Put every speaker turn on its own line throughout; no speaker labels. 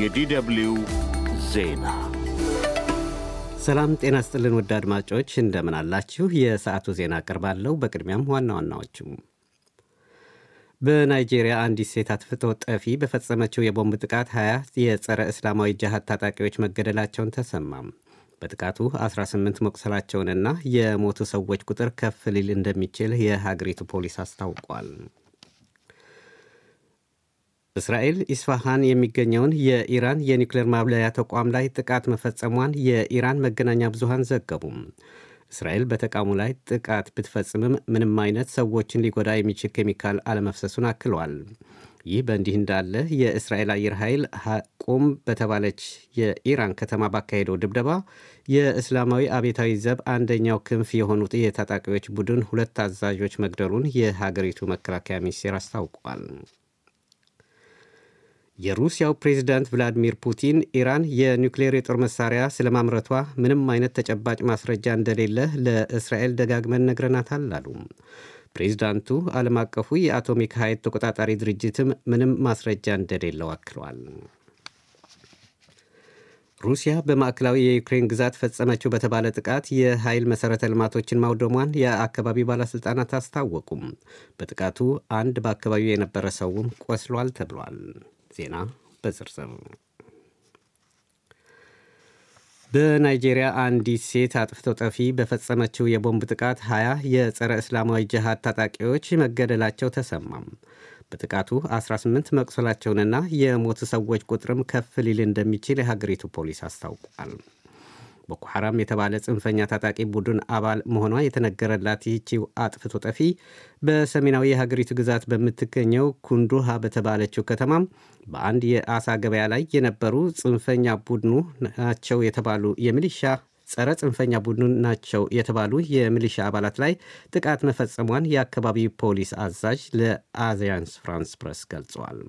የዲደብልዩ ዜና ሰላም ጤና ስጥልን። ወደ አድማጮች እንደምን አላችሁ? የሰዓቱ ዜና ቀርባለሁ። በቅድሚያም ዋና ዋናዎቹም በናይጄሪያ አንዲት ሴት አትፍቶ ጠፊ በፈጸመችው የቦምብ ጥቃት 20 የጸረ እስላማዊ ጅሃድ ታጣቂዎች መገደላቸውን ተሰማም። በጥቃቱ 18 መቁሰላቸውንና የሞቱ ሰዎች ቁጥር ከፍ ሊል እንደሚችል የሀገሪቱ ፖሊስ አስታውቋል። እስራኤል ኢስፋሃን የሚገኘውን የኢራን የኒውክሌር ማብለያ ተቋም ላይ ጥቃት መፈጸሟን የኢራን መገናኛ ብዙሃን ዘገቡም። እስራኤል በተቋሙ ላይ ጥቃት ብትፈጽምም ምንም አይነት ሰዎችን ሊጎዳ የሚችል ኬሚካል አለመፍሰሱን አክሏል። ይህ በእንዲህ እንዳለ የእስራኤል አየር ኃይል ሐቁም በተባለች የኢራን ከተማ ባካሄደው ድብደባ የእስላማዊ አብዮታዊ ዘብ አንደኛው ክንፍ የሆኑት የታጣቂዎች ቡድን ሁለት አዛዦች መግደሉን የሀገሪቱ መከላከያ ሚኒስቴር አስታውቋል። የሩሲያው ፕሬዝዳንት ቭላዲሚር ፑቲን ኢራን የኒውክሌር የጦር መሳሪያ ስለማምረቷ ምንም አይነት ተጨባጭ ማስረጃ እንደሌለ ለእስራኤል ደጋግመን ነግረናታል አሉ። ፕሬዝዳንቱ ዓለም አቀፉ የአቶሚክ ኃይል ተቆጣጣሪ ድርጅትም ምንም ማስረጃ እንደሌለው አክለዋል። ሩሲያ በማዕከላዊ የዩክሬን ግዛት ፈጸመችው በተባለ ጥቃት የኃይል መሠረተ ልማቶችን ማውደሟን የአካባቢ ባለሥልጣናት አስታወቁም። በጥቃቱ አንድ በአካባቢው የነበረ ሰውም ቆስሏል ተብሏል። ዜና በዝርዝር በናይጄሪያ አንዲት ሴት አጥፍቶ ጠፊ በፈጸመችው የቦምብ ጥቃት 20 የጸረ እስላማዊ ጅሃድ ታጣቂዎች መገደላቸው ተሰማም። በጥቃቱ 18 መቁሰላቸውንና የሞቱ ሰዎች ቁጥርም ከፍ ሊል እንደሚችል የሀገሪቱ ፖሊስ አስታውቋል። ቦኮ ሐራም የተባለ ጽንፈኛ ታጣቂ ቡድን አባል መሆኗ የተነገረላት ይህቺው አጥፍቶ ጠፊ በሰሜናዊ የሀገሪቱ ግዛት በምትገኘው ኩንዱሃ በተባለችው ከተማም በአንድ የአሳ ገበያ ላይ የነበሩ ጽንፈኛ ቡድኑ ናቸው የተባሉ የሚሊሻ ጸረ ጽንፈኛ ቡድኑ ናቸው የተባሉ የሚሊሻ አባላት ላይ ጥቃት መፈጸሟን የአካባቢው ፖሊስ አዛዥ ለአዚያንስ ፍራንስ ፕረስ ገልጸዋል።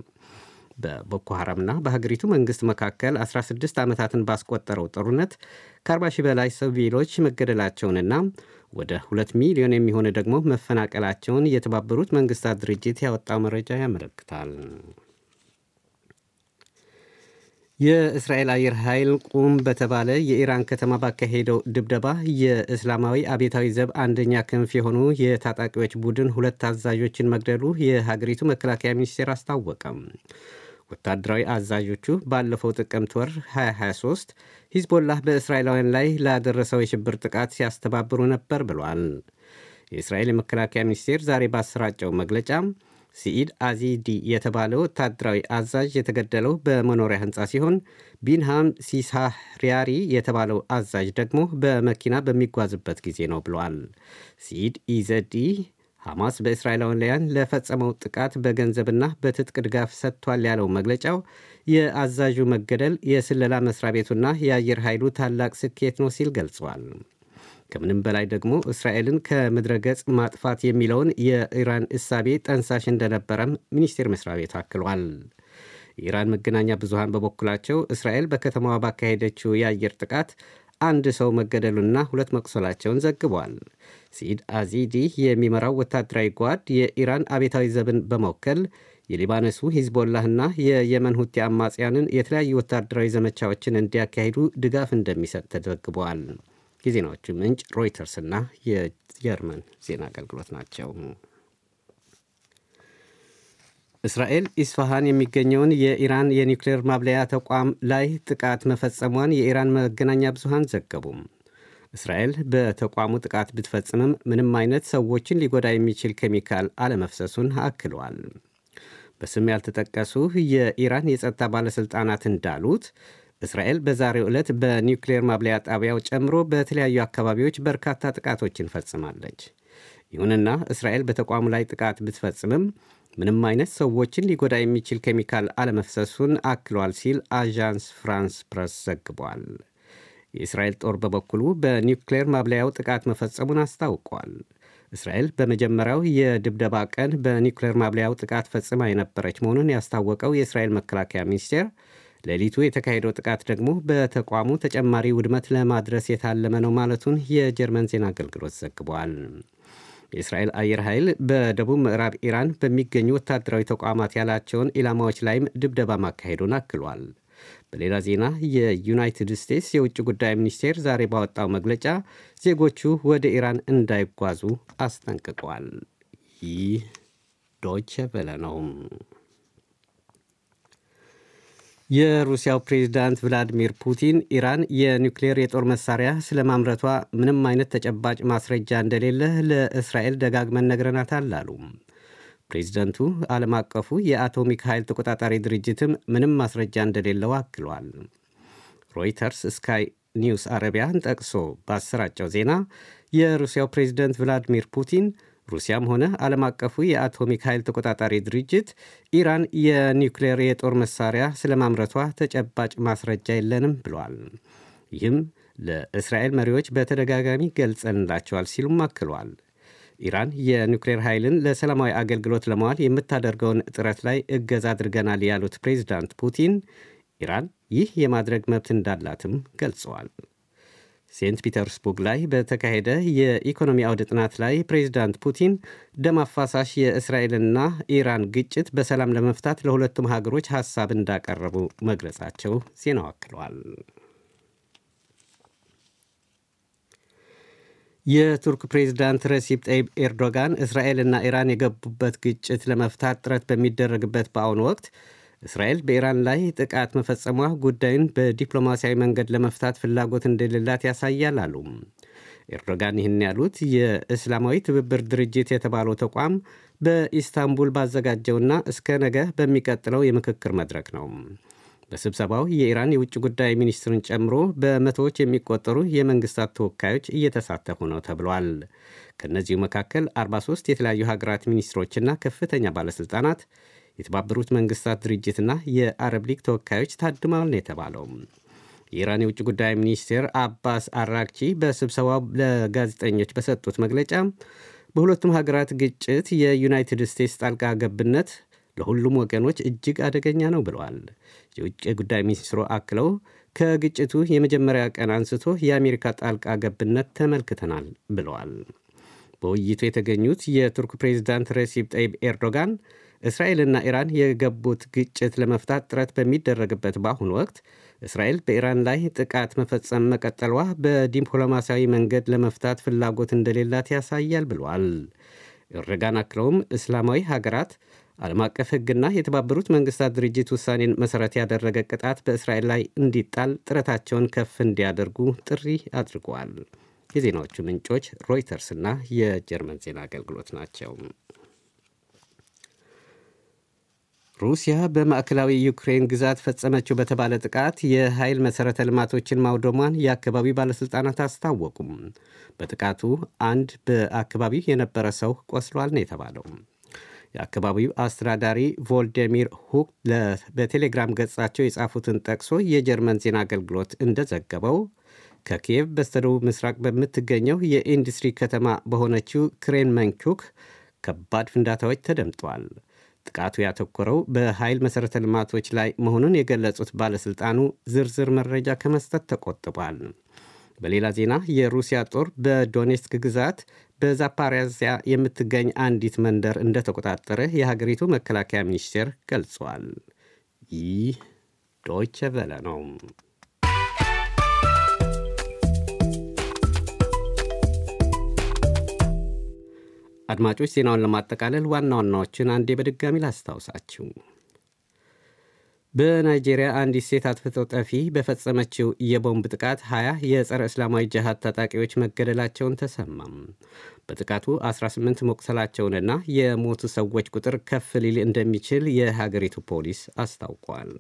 በቦኮ ሐራምና በሀገሪቱ መንግሥት መካከል 16 ዓመታትን ባስቆጠረው ጦርነት ከ40 ሺህ በላይ ሲቪሎች መገደላቸውንና ወደ 2 ሚሊዮን የሚሆነ ደግሞ መፈናቀላቸውን የተባበሩት መንግሥታት ድርጅት ያወጣው መረጃ ያመለክታል። የእስራኤል አየር ኃይል ቁም በተባለ የኢራን ከተማ ባካሄደው ድብደባ የእስላማዊ አብዮታዊ ዘብ አንደኛ ክንፍ የሆኑ የታጣቂዎች ቡድን ሁለት አዛዦችን መግደሉ የሀገሪቱ መከላከያ ሚኒስቴር አስታወቀም። ወታደራዊ አዛዦቹ ባለፈው ጥቅምት ወር 2023 ሂዝቦላህ በእስራኤላውያን ላይ ላደረሰው የሽብር ጥቃት ሲያስተባብሩ ነበር ብሏል። የእስራኤል የመከላከያ ሚኒስቴር ዛሬ ባሰራጨው መግለጫ ሲኢድ አዚዲ የተባለው ወታደራዊ አዛዥ የተገደለው በመኖሪያ ህንፃ ሲሆን ቢንሃም ሲሳሪያሪ የተባለው አዛዥ ደግሞ በመኪና በሚጓዝበት ጊዜ ነው ብለዋል። ሲኢድ ኢዘዲ ሐማስ በእስራኤላውያን ለፈጸመው ጥቃት በገንዘብና በትጥቅ ድጋፍ ሰጥቷል ያለው መግለጫው የአዛዡ መገደል የስለላ መስሪያ ቤቱና የአየር ኃይሉ ታላቅ ስኬት ነው ሲል ገልጿል። ከምንም በላይ ደግሞ እስራኤልን ከምድረ ገጽ ማጥፋት የሚለውን የኢራን እሳቤ ጠንሳሽ እንደነበረም ሚኒስቴር መስሪያ ቤት አክሏል። የኢራን መገናኛ ብዙሃን በበኩላቸው እስራኤል በከተማዋ ባካሄደችው የአየር ጥቃት አንድ ሰው መገደሉና ሁለት መቁሰላቸውን ዘግቧል። ሲድ አዚዲ የሚመራው ወታደራዊ ጓድ የኢራን አቤታዊ ዘብን በመወከል የሊባኖሱ ሂዝቦላህና የየመን ሁቲ አማጽያንን የተለያዩ ወታደራዊ ዘመቻዎችን እንዲያካሂዱ ድጋፍ እንደሚሰጥ ተዘግቧል። የዜናዎቹ ምንጭ ሮይተርስና የጀርመን ዜና አገልግሎት ናቸው። እስራኤል ኢስፋሃን የሚገኘውን የኢራን የኒውክሌር ማብለያ ተቋም ላይ ጥቃት መፈጸሟን የኢራን መገናኛ ብዙሃን ዘገቡም። እስራኤል በተቋሙ ጥቃት ብትፈጽምም ምንም አይነት ሰዎችን ሊጎዳ የሚችል ኬሚካል አለመፍሰሱን አክሏል። በስም ያልተጠቀሱ የኢራን የጸጥታ ባለሥልጣናት እንዳሉት እስራኤል በዛሬው ዕለት በኒውክሌር ማብለያ ጣቢያው ጨምሮ በተለያዩ አካባቢዎች በርካታ ጥቃቶችን ፈጽማለች። ይሁንና እስራኤል በተቋሙ ላይ ጥቃት ብትፈጽምም ምንም አይነት ሰዎችን ሊጎዳ የሚችል ኬሚካል አለመፍሰሱን አክሏል ሲል አዣንስ ፍራንስ ፕረስ ዘግቧል። የእስራኤል ጦር በበኩሉ በኒውክሌር ማብለያው ጥቃት መፈጸሙን አስታውቋል። እስራኤል በመጀመሪያው የድብደባ ቀን በኒውክሌር ማብለያው ጥቃት ፈጽማ የነበረች መሆኑን ያስታወቀው የእስራኤል መከላከያ ሚኒስቴር ሌሊቱ የተካሄደው ጥቃት ደግሞ በተቋሙ ተጨማሪ ውድመት ለማድረስ የታለመ ነው ማለቱን የጀርመን ዜና አገልግሎት ዘግቧል። የእስራኤል አየር ኃይል በደቡብ ምዕራብ ኢራን በሚገኙ ወታደራዊ ተቋማት ያላቸውን ኢላማዎች ላይም ድብደባ ማካሄዱን አክሏል። በሌላ ዜና የዩናይትድ ስቴትስ የውጭ ጉዳይ ሚኒስቴር ዛሬ ባወጣው መግለጫ ዜጎቹ ወደ ኢራን እንዳይጓዙ አስጠንቅቋል። ይህ ዶች በለ ነው። የሩሲያው ፕሬዚዳንት ቭላዲሚር ፑቲን ኢራን የኒውክሌር የጦር መሳሪያ ስለ ማምረቷ ምንም አይነት ተጨባጭ ማስረጃ እንደሌለ ለእስራኤል ደጋግመን ነግረናታል አሉ። ፕሬዚደንቱ ዓለም አቀፉ የአቶሚክ ኃይል ተቆጣጣሪ ድርጅትም ምንም ማስረጃ እንደሌለው አክሏል። ሮይተርስ ስካይ ኒውስ አረቢያን ጠቅሶ ባሰራጨው ዜና የሩሲያው ፕሬዚደንት ቭላዲሚር ፑቲን ሩሲያም ሆነ ዓለም አቀፉ የአቶሚክ ኃይል ተቆጣጣሪ ድርጅት ኢራን የኒውክሌር የጦር መሳሪያ ስለ ማምረቷ ተጨባጭ ማስረጃ የለንም ብሏል። ይህም ለእስራኤል መሪዎች በተደጋጋሚ ገልጸንላቸዋል ሲሉም አክሏል። ኢራን የኒውክሌር ኃይልን ለሰላማዊ አገልግሎት ለማዋል የምታደርገውን ጥረት ላይ እገዛ አድርገናል ያሉት ፕሬዚዳንት ፑቲን ኢራን ይህ የማድረግ መብት እንዳላትም ገልጸዋል። ሴንት ፒተርስቡርግ ላይ በተካሄደ የኢኮኖሚ አውድ ጥናት ላይ ፕሬዚዳንት ፑቲን ደም አፋሳሽ የእስራኤልና ኢራን ግጭት በሰላም ለመፍታት ለሁለቱም ሀገሮች ሐሳብ እንዳቀረቡ መግለጻቸው ዜናው አክለዋል። የቱርክ ፕሬዚዳንት ረሲፕ ጠይብ ኤርዶጋን እስራኤልና ኢራን የገቡበት ግጭት ለመፍታት ጥረት በሚደረግበት በአሁኑ ወቅት እስራኤል በኢራን ላይ ጥቃት መፈጸሟ ጉዳዩን በዲፕሎማሲያዊ መንገድ ለመፍታት ፍላጎት እንደሌላት ያሳያል አሉ። ኤርዶጋን ይህን ያሉት የእስላማዊ ትብብር ድርጅት የተባለው ተቋም በኢስታንቡል ባዘጋጀውና እስከ ነገ በሚቀጥለው የምክክር መድረክ ነው። በስብሰባው የኢራን የውጭ ጉዳይ ሚኒስትርን ጨምሮ በመቶዎች የሚቆጠሩ የመንግስታት ተወካዮች እየተሳተፉ ነው ተብሏል። ከእነዚሁ መካከል 43 የተለያዩ ሀገራት ሚኒስትሮችና ከፍተኛ ባለሥልጣናት የተባበሩት መንግስታት ድርጅትና የአረብ ሊግ ተወካዮች ታድመዋል ነው የተባለው። የኢራን የውጭ ጉዳይ ሚኒስቴር አባስ አራክቺ በስብሰባው ለጋዜጠኞች በሰጡት መግለጫ በሁለቱም ሀገራት ግጭት የዩናይትድ ስቴትስ ጣልቃ ገብነት ለሁሉም ወገኖች እጅግ አደገኛ ነው ብለዋል። የውጭ ጉዳይ ሚኒስትሩ አክለው ከግጭቱ የመጀመሪያ ቀን አንስቶ የአሜሪካ ጣልቃ ገብነት ተመልክተናል ብለዋል። በውይይቱ የተገኙት የቱርክ ፕሬዚዳንት ረሲብ ጠይብ ኤርዶጋን እስራኤልና ኢራን የገቡት ግጭት ለመፍታት ጥረት በሚደረግበት በአሁኑ ወቅት እስራኤል በኢራን ላይ ጥቃት መፈጸም መቀጠሏ በዲፕሎማሲያዊ መንገድ ለመፍታት ፍላጎት እንደሌላት ያሳያል ብለዋል። ኤርዶጋን አክለውም እስላማዊ ሀገራት ዓለም አቀፍ ሕግና የተባበሩት መንግስታት ድርጅት ውሳኔን መሠረት ያደረገ ቅጣት በእስራኤል ላይ እንዲጣል ጥረታቸውን ከፍ እንዲያደርጉ ጥሪ አድርጓል። የዜናዎቹ ምንጮች ሮይተርስ እና የጀርመን ዜና አገልግሎት ናቸው። ሩሲያ በማዕከላዊ ዩክሬን ግዛት ፈጸመችው በተባለ ጥቃት የኃይል መሠረተ ልማቶችን ማውደሟን የአካባቢው ባለሥልጣናት አስታወቁም። በጥቃቱ አንድ በአካባቢው የነበረ ሰው ቆስሏል ነው የተባለው። የአካባቢው አስተዳዳሪ ቮልደሚር ሁክ በቴሌግራም ገጻቸው የጻፉትን ጠቅሶ የጀርመን ዜና አገልግሎት እንደዘገበው ከኪየቭ በስተደቡብ ምስራቅ በምትገኘው የኢንዱስትሪ ከተማ በሆነችው ክሬን መንቹክ ከባድ ፍንዳታዎች ተደምጧል። ጥቃቱ ያተኮረው በኃይል መሠረተ ልማቶች ላይ መሆኑን የገለጹት ባለሥልጣኑ ዝርዝር መረጃ ከመስጠት ተቆጥቧል። በሌላ ዜና የሩሲያ ጦር በዶኔትስክ ግዛት በዛፓሪያዚያ የምትገኝ አንዲት መንደር እንደተቆጣጠረ የሀገሪቱ መከላከያ ሚኒስቴር ገልጿል። ይህ ዶይቸ ቬለ ነው። አድማጮች ዜናውን ለማጠቃለል ዋና ዋናዎችን አንዴ በድጋሚ ላስታውሳችሁ። በናይጄሪያ አንዲት ሴት አጥፍቶ ጠፊ በፈጸመችው የቦምብ ጥቃት 20 የጸረ እስላማዊ ጅሃድ ታጣቂዎች መገደላቸውን ተሰማም። በጥቃቱ 18 መቁሰላቸውንና የሞቱ ሰዎች ቁጥር ከፍ ሊል እንደሚችል የሀገሪቱ ፖሊስ አስታውቋል።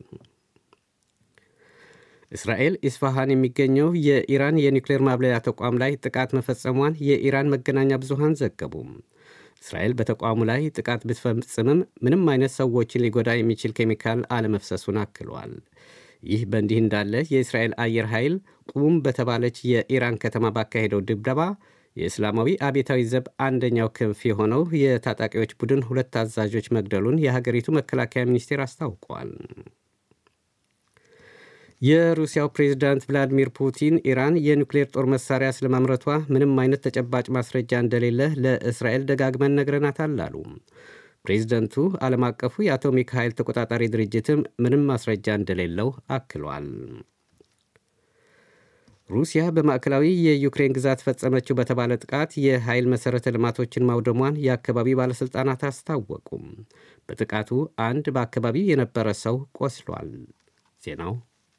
እስራኤል ኢስፋሃን የሚገኘው የኢራን የኒውክሌር ማብለያ ተቋም ላይ ጥቃት መፈጸሟን የኢራን መገናኛ ብዙሃን ዘገቡም። እስራኤል በተቋሙ ላይ ጥቃት ብትፈጽምም ምንም አይነት ሰዎችን ሊጎዳ የሚችል ኬሚካል አለመፍሰሱን አክሏል። ይህ በእንዲህ እንዳለ የእስራኤል አየር ኃይል ቁም በተባለች የኢራን ከተማ ባካሄደው ድብደባ የእስላማዊ አብዮታዊ ዘብ አንደኛው ክንፍ የሆነው የታጣቂዎች ቡድን ሁለት አዛዦች መግደሉን የሀገሪቱ መከላከያ ሚኒስቴር አስታውቋል። የሩሲያው ፕሬዝዳንት ቭላዲሚር ፑቲን ኢራን የኒውክሌር ጦር መሳሪያ ስለማምረቷ ምንም አይነት ተጨባጭ ማስረጃ እንደሌለ ለእስራኤል ደጋግመን ነግረናታል አሉ። ፕሬዚደንቱ ዓለም አቀፉ የአቶሚክ ኃይል ተቆጣጣሪ ድርጅትም ምንም ማስረጃ እንደሌለው አክሏል። ሩሲያ በማዕከላዊ የዩክሬን ግዛት ፈጸመችው በተባለ ጥቃት የኃይል መሠረተ ልማቶችን ማውደሟን የአካባቢ ባለሥልጣናት አስታወቁም። በጥቃቱ አንድ በአካባቢው የነበረ ሰው ቆስሏል። ዜናው